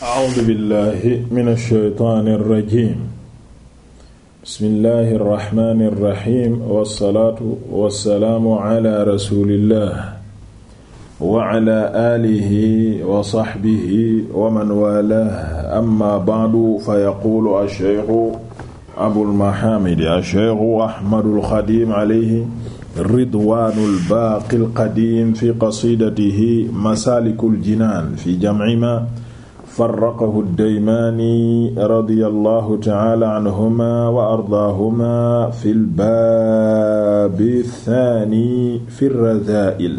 a'uuzu billaahi mina shaytaani rajiim bismillaahi rahmaani rahiim wassalaatu wassalaamu alaa rasuulillaah wa alaa aalihi wa saxbihi wa man waalaah ammaa ba'du fayaquulu ash-shaykhu abul mahaamidi ash-shaykhu ahmadul xadiim alayhi ridwaanul baaqil qadiim fi qasiidatihi masaalikul jinaan fi jam'i maa farraqahu ad-Daymaani radiyallahu ta'ala anhuma wa ardaahuma fi al-baab ath-thaani fi ar-razaa'il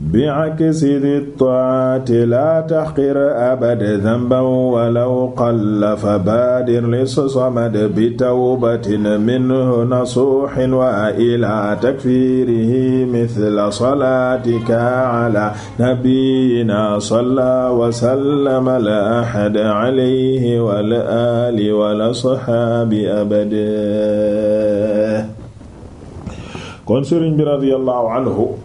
bi aksi di taati laa taxqir abada damban walaw qalla fa baadir li samad bi tawbatin minhu nasuuxin wa ila takfiirihi mithla salaatika ala nabiyyina salla wa sallama la ahad alayhi wa la aali wa la sahaabi abada kon sëriñ bi radiyallahu anhu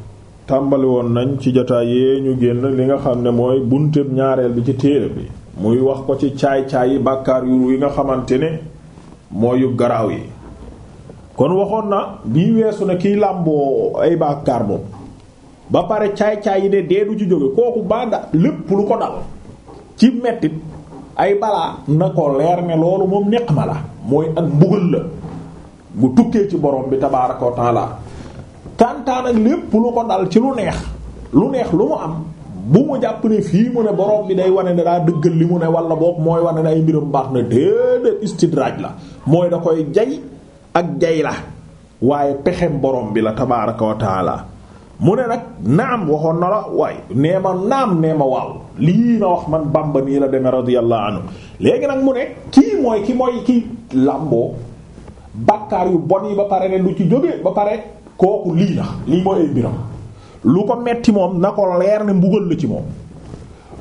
tàmbali woon nañ ci jotaay yee ñu génn li nga xam ne mooy bunteeb ñaareel bi ci téere bi muy wax ko ci caay-caay yi bàkkaar yu yi nga xamante ne mooy yu garaaw yi kon waxoon na bii weesu na kiy làmboo ay bàkkaar moom ba pare caay-caay yi de dee du ci jóge kooku banda lépp lu ko dal ci mettit ay balaa na ko leer ne loolu moom neq ma la mooy ak mbugal la bu tukkee ci borom bi tabaaraka wa taala kantaan ak lépp lu ko dal ci lu neex lu neex lu mu am bu mu jàpp ne fii mu ne borom bi day wane ne daa dëggal li mu ne walla boog mooy wane ne ay mbiram baax na déedéet la mooy da jay ak jay waaye pexem borom bi la tabaaraka wa mu ne nag naam waxoon na la waaye nee ma naam nee ma waaw lii na wax man Bàmba nii la demee radiyallahu anhu léegi nag mu ne kii mooy ki mooy ki làmboo bàkkaar yu bon yi ba pare ne du ci jóge ba pare kooku lii la lii mooy ay lu ko metti moom na ko leer ne mbugal la ci moom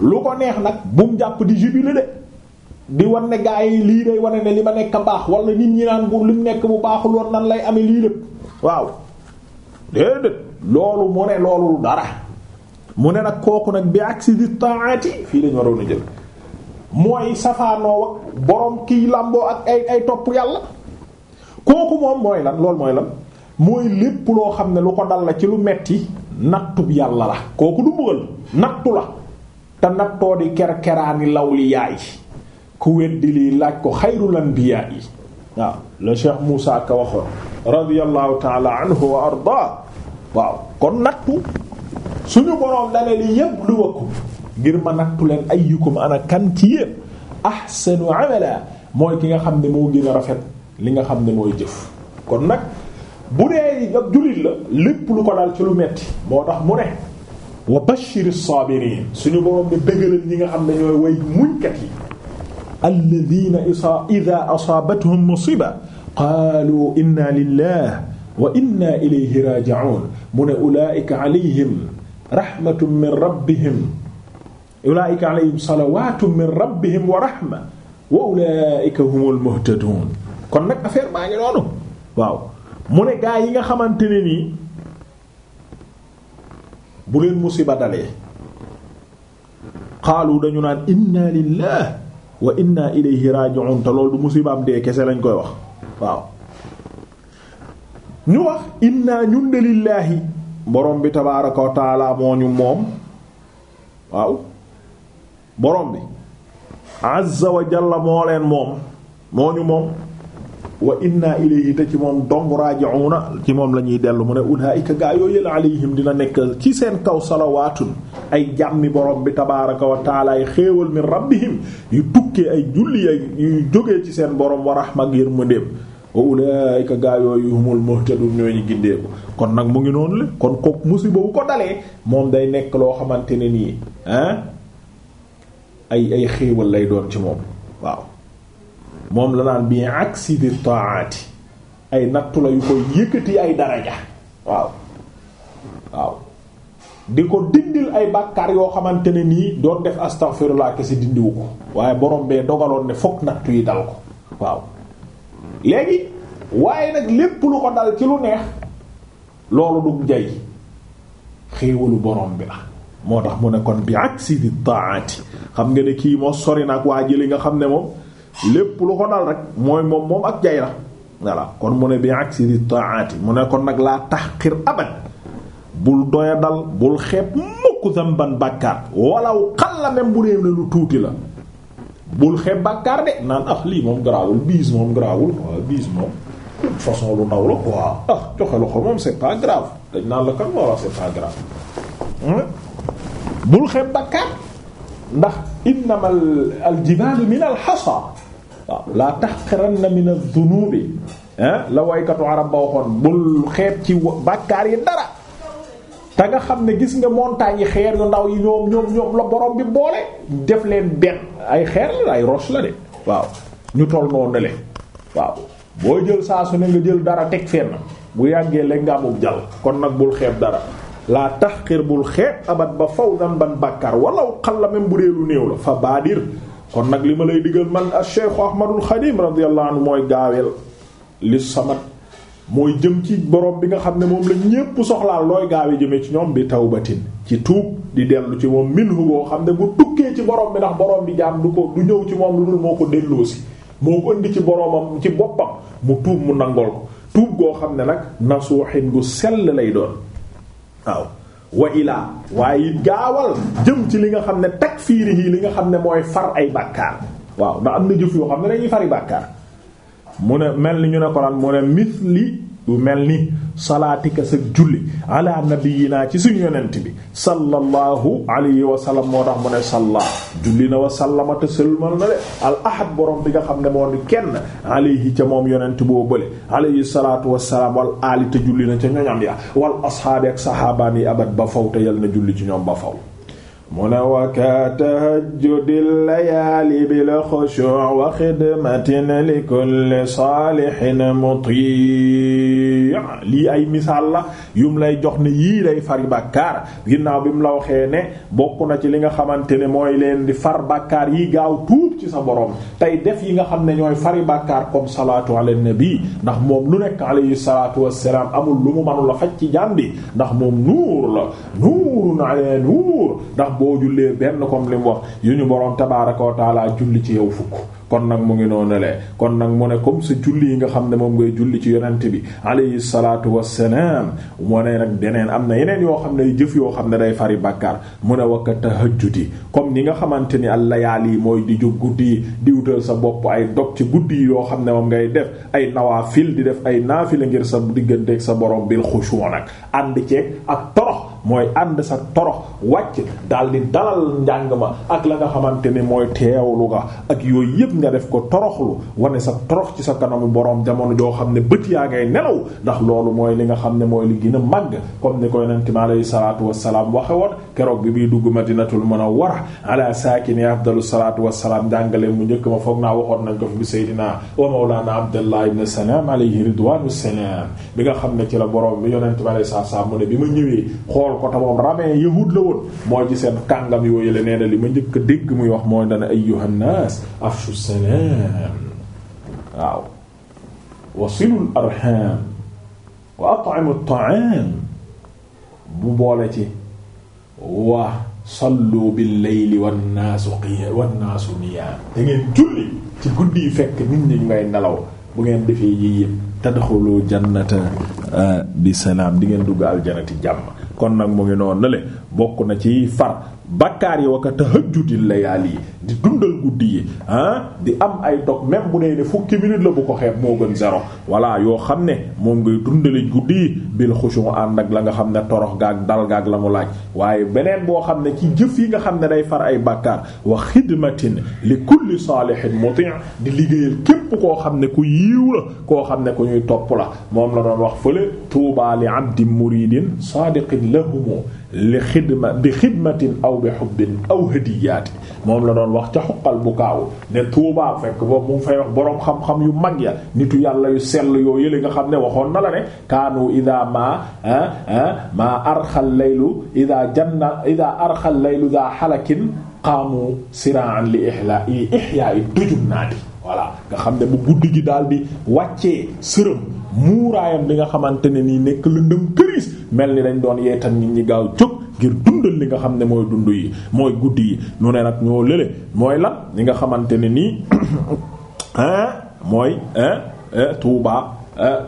lu ko neex nag bu mu jàpp di jubile de di wan ne gaa yi lii day wane ne li ma nekk a baax wala nit ñi naan bu lim nekk bu baaxul woon nan lay amee lii lépp waaw déedéet loolu mu ne loolu dara mu ne nag kooku nag bi aksi di taati fii lañu waroon a jël mooy safaanoo ak borom kiy làmboo ak ay ay topp yàlla kooku moom mooy lan loolu mooy lan mooy lépp loo xam ne lu ko dal la ci lu metti nattub yàlla la kooku du mbugal nattu la te nattoo di kerkeraani law li yaay ku weddi lii laaj ko xayrul anbiyaa yi waaw le cheikh Moussa Ka waxoon radiyallahu taala anhu wa ardaa waaw kon nattu suñu boroom dane li yabluwakum ngir ma nattu leen ayyukum ana kan ci yéen ahsanu amala mooy ki nga xam ne moo gën rafet li nga xam ne mooy jëf kon nag bu dee ab jullit la lépp lu ko dal ci lu metti moo tax mu ne wa bashiri saabiriin suñu boroom ne bëggalal ñi nga xam ne ñooy way muñkat yi alladina ida asaabathum musiba qaalu inna lillah wa inna ilayhi raji'un mu ne ulaika alayhim rahmatun min rabbihim ulaika alayhim salawatun min rabbihim wa rahma wa ulaika humul muhtadun kon nag affaire baa ngi noonu waaw mu ne gaa yi nga xamante ni nii bu leen musiba dalee xaalu dañu naan inna lillah wa inna ilayhi raji'un te loolu du musibaam dee kese lañ koy wax waaw ñu wax inna ñun de lillaahi borom bi tabaaraka wa moo ñu moom waaw borom bi azza wa moo leen moom moo ñu moom wa inna ilayhi te ci moom dong raaji'uuna ci moom la ñuy dellu mu ne ulaa'ika gaa yooyu la alayhim dina nekk ci seen kaw salawaatun ay jàmmi borom bi tabaaraka wa ay xéewal min rabbihim yu tukkee ay julli ay yu jógee ci seen borom wa rahma ak yërmandeem wa ulaa'ika gaa yooyu humul muhtadun ñoo ñu gindee kon nag mu ngi noonu la kon ko musiba bu ko dalee moom day nekk loo xamante ne nii ah ay ay xéewal lay doon ci moom waaw. moom la naan bi aksi di ay nattu la yu koy yëkkati ay daraja waaw waaw di ko dindil ay bàkkaar yoo xamante ne nii doon def astaghfirullah kese dindiwu ko waaye borom bee dogaloon ne fokk nattu yi dal ko waaw léegi waaye nag lépp lu ko dal ci lu neex loolu du jay xéewalu borom bi la moo tax mu ne kon bi aksi di xam nga ne kii moo sori naa nag waa ji li nga xam ne moom lépp lu ko dal rek mooy moom moom ak jay la voilà kon mu ne bi aksi di taati mu ne kon nag laa taxqir abad bul doya dal bul xeeb mukk zamban bàkkaar bu dee lu tuuti la bul xeeb bàkkaar de naan ah, biis moom garaawul waaw biis moom façon lu ndaw la quoi ah joxe loxo moom c'est pas grave dañ naan la kan wala c'est pas hmm? bul xeeb bàkkaar ndax innamal al jibaalu min al hasa waaw laa tax tahqiranna min adh-dhunubi eh? la waykatu arab ba waxoon bul xeeb ci bàkkaar yi dara te nga xam ne gis nga montagne yi xeer yu ndaw yi ñoom ñoom ñoom la borom bi boole def leen benn ay xeer la ay roche la de waaw ñu toll noonu ne waaw boo jël saa su ne nga jël dara teg fenn bu yàggee léegi nga amul jàll kon nag bul xeeb dara laa tahqir bul xeeb abat ba faw dan ban bàkkaar walaw xal la même bu dee lu néew la fa baadir kon nag li ma lay digal man a Cheikh Ahmadul Xadim radiyallahu anhu mooy gaaweel li samat mooy jëm ci borom bi nga xam ne moom la ñépp soxlaal looy gaawe jëmee ci ñoom bi tawbatin ci tuub di dellu ci moom minhu goo xam ne bu tukkee ci borom bi ndax borom bi jaam du ko du ñëw ci moom lu dul moo ko delloosi moo ko indi ci boromam ci boppam mu tuub mu nangool ko tuub goo xam ne nag nasuuxin gu sell lay doon waaw wa ilaa waaye it gaawal jëm ci li nga xam ne takfiiri yi li nga xam ne mooy far ay bàkkaar waaw ndax am na jëf yoo xam ne dañuy fari bàkkaar mu ne mel ni ñu ne ko lan mu ne misli lu mel ni salaatika sa julli ala nabiyina ci suñu yonent bi sallallahu alayhi wa sallam moo tax mu ne sallaa julli na wa sallama te sëlmal na de al ahad borom bi nga xam ne moo di kenn alayhi ca moom yonent boo bële alayhi salaatu wassalaam wal aali te julli na ca ñoñam ya wal ashaabi ak sahaabaan yi abad ba faw te yal na julli ci ñoom ba faw mu ne waka tahajjudil layaali bil xushu' wa xidmatin li kulli saalihin muti lii ay misaal la yum lay jox ne yii day far bàkkaar ginnaaw bi mu la waxee ne bokk na ci li nga xamante ne mooy leen di far bàkkaar yi gaaw tuub ci sa borom tey def yi nga xam ne ñooy fari bàkkaar comme salaatu ala nabi ndax moom lu nekk alayhi salaatu wassalaam amul lu mu mënul a faj ci jaam bi ndax moom nuur la nuurun ala nuur boo jullee benn comme li mu wax yu ñu boroom tabaaraka wa taala julli ci yow fukk kon nag mu ngi noonu le kon nag mu ne comme sa julli yi nga xam ne moom ngay julli ci yonent bi alayhi salaatu wassalaam moo ne nag deneen am na yeneen yoo xam ne jëf yoo xam ne day fari bàkkaar mu ne wakka tahajjudi comme ni nga xamante ni allayaal yi mooy di jóg guddi di wutal sa bopp ay dog ci guddi yoo xam ne moom ngay def ay nawaafil di def ay naafila ngir sa digganteeg sa borom bil xushu ànd ceeg ak mooy ànd sa torox wàcc daal di dalal njàng ma ak la nga xamante ni mooy teewlu nga ak yooyu yëpp nga def ko toroxlu wane sa torox ci sa kanamu borom jamono joo xam ne bët yaa ngay nelaw ndax loolu mooy li nga xam ne mooy li gën a màgg comme ni ko yonente mi alayhi salaatu wasalaam waxe woon keroog bi biy dugg madinatul munawwara ala saakini afdalu salaatu wasalaam jàngale mu njëkk ma foog naa waxoon nañ ko fi bi seydina wa mawlana abdullah ibn salaam alayhi ridwanu salaam nga xam ne ci la borom bi yonente mi alayhi salaatu wasalaam bi ma ñëwee xool ko te moom rabbin la woon mooy ci seen kàngam yooyu la nee na li ma njëkk a dégg muy wax mooy dana ayyuhan nas afshu salam waaw wasilul arham wa at'imu at'am bu boole ci wa sallu bil layli wan naasu qiyaam wan ngeen julli ci guddi yi fekk nit ñi ngay nelaw bu ngeen defee yi yépp tadxulu jannata eh, bi salaam di ngeen dugg aljanati jàmm kon nag mu ngi noonu le bokk na ci far bakkaar yi waka tahajjudil layaali yi di dundal guddi yi ah, di am ay dog même bu dee ne fukki minute la bu ko xeeb moo gën zéro voilà yoo xam ne moom ngay dundali guddi yi bil xushu ànd ak la nga xam ne torox gaag dal gaag la mu laaj waaye beneen boo xam ne ci jëf yi nga xam ne day far ay bakkaar wa xidmatin li kulli saalihin muti' di liggéeyal képp koo xam ne ku yiw la ñuy topp la moom la doon wax fële tuubaa li abdin muridin saadiqin lahumu li xidma bi xidmatin aw bi xubbin aw hadiyaati moom la doon wax ca xuqal bu kaaw ne tuubaa fekk boobu mu ngi fay wax boroom xam-xam yu mag ya nitu yàlla yu sell yoo yële nga xam ne waxoon na la ne kaanu ida maa ah, ah, maa arxal laylu ida janna ida arxal laylu daa xalakin qaamu siraan li ixla i ixyaa i dujum naati voilà nga xam ne bu guddi gi daal di wàccee sërëm muuraayam li nga xamante ne nii nekk lëndëm këriis mel ni dañ doon yeetan nit ñi gaaw jóg ngir dundal li nga xam ne mooy dund yi mooy guddi yi nu ne nag ñoo lële mooy lan li nga xamante ne nii mooy eh, tuubaa eh,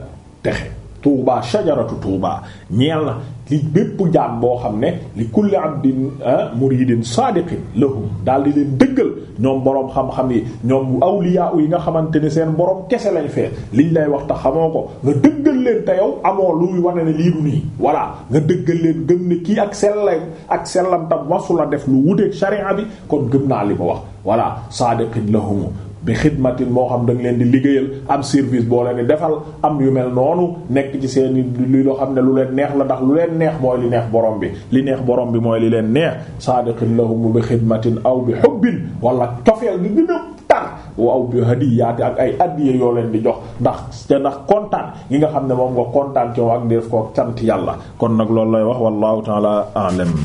texe tuubaa shajaratu tuubaa ñeel na li bépp jaam boo xam ne li kulli abdin ah, muridin saadiqin la daal di leen dëggal ñoom boroom xam-xam yi ñoom awliya yi nga xamante ne seen boroom kese lañ fee liñ lay wax te xamoo ko nga dëggal leen te yow amoo luy wane ne lii du nii voilà nga dëggal leen gëm ni kii ak sellam ak sellam tam wasu la def lu wuteeg sharia bi kon gën naa li ma wax voilà saadiqin lahumu bi xidmatin moo xam da nga leen di liggéeyal am service boo leen di defal am yu mel noonu nekk ci seen li loo xam ne lu leen neex la ndax lu leen neex mooy li neex borom bi li neex borom bi mooy li leen neex saadiqin lahum bi xidmatin aw bi hubbin wala cofeel gi gën a waaw bi hadiyaati ak ay addiye yoo leen di jox ndax te ndax kontaan yi nga xam ne moom nga kontaan ci ak di def ko sant yàlla kon nag loolu lay wax wallahu ta'ala a'lam